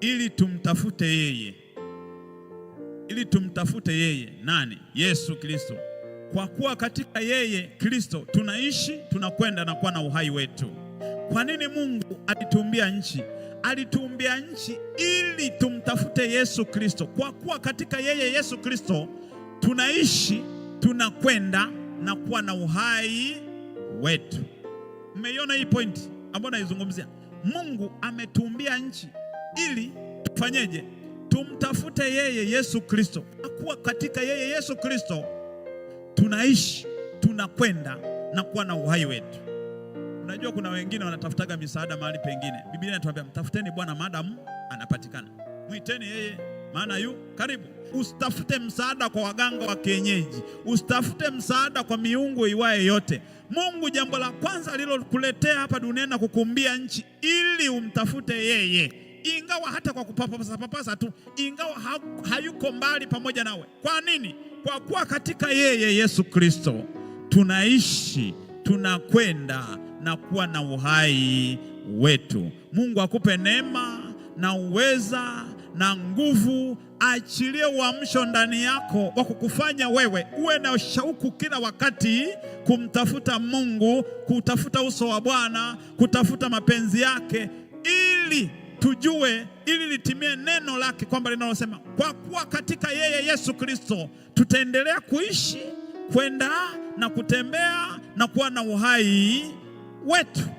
ili tumtafute yeye, ili tumtafute yeye nani? Yesu Kristo, kwa kuwa katika yeye Kristo tunaishi, tunakwenda na kuwa na uhai wetu. Kwa nini Mungu alituumbia nchi? Alituumbia nchi ili tumtafute Yesu Kristo, kwa kuwa katika yeye Yesu Kristo tunaishi, tunakwenda na kuwa na uhai wetu. Mmeiona hii pointi ambayo naizungumzia? Mungu ametuumbia nchi ili tufanyeje? Tumtafute yeye Yesu Kristo. Akuwa katika yeye Yesu Kristo tunaishi, tunakwenda na kuwa na uhai wetu. Unajua, kuna wengine wanatafutaga misaada mahali pengine. Biblia inatuambia mtafuteni Bwana madamu anapatikana, mwiteni yeye maana yu karibu. Usitafute msaada kwa waganga wa kienyeji, usitafute msaada kwa miungu iwaye yote. Mungu jambo la kwanza alilokuletea hapa duniani na kukumbia nchi ili umtafute yeye ingawa hata kwa kupapasa papasa tu, ingawa ha, hayuko mbali pamoja nawe. Kwa nini? Kwa kuwa katika yeye Yesu Kristo tunaishi, tunakwenda na kuwa na uhai wetu. Mungu akupe neema na uweza na nguvu, achilie uamsho ndani yako wa kukufanya wewe uwe na shauku kila wakati kumtafuta Mungu, kutafuta uso wa Bwana, kutafuta mapenzi yake ili tujue ili litimie neno lake kwamba linalosema, kwa kuwa katika yeye Yesu Kristo tutaendelea kuishi, kwenda na kutembea na kuwa na uhai wetu.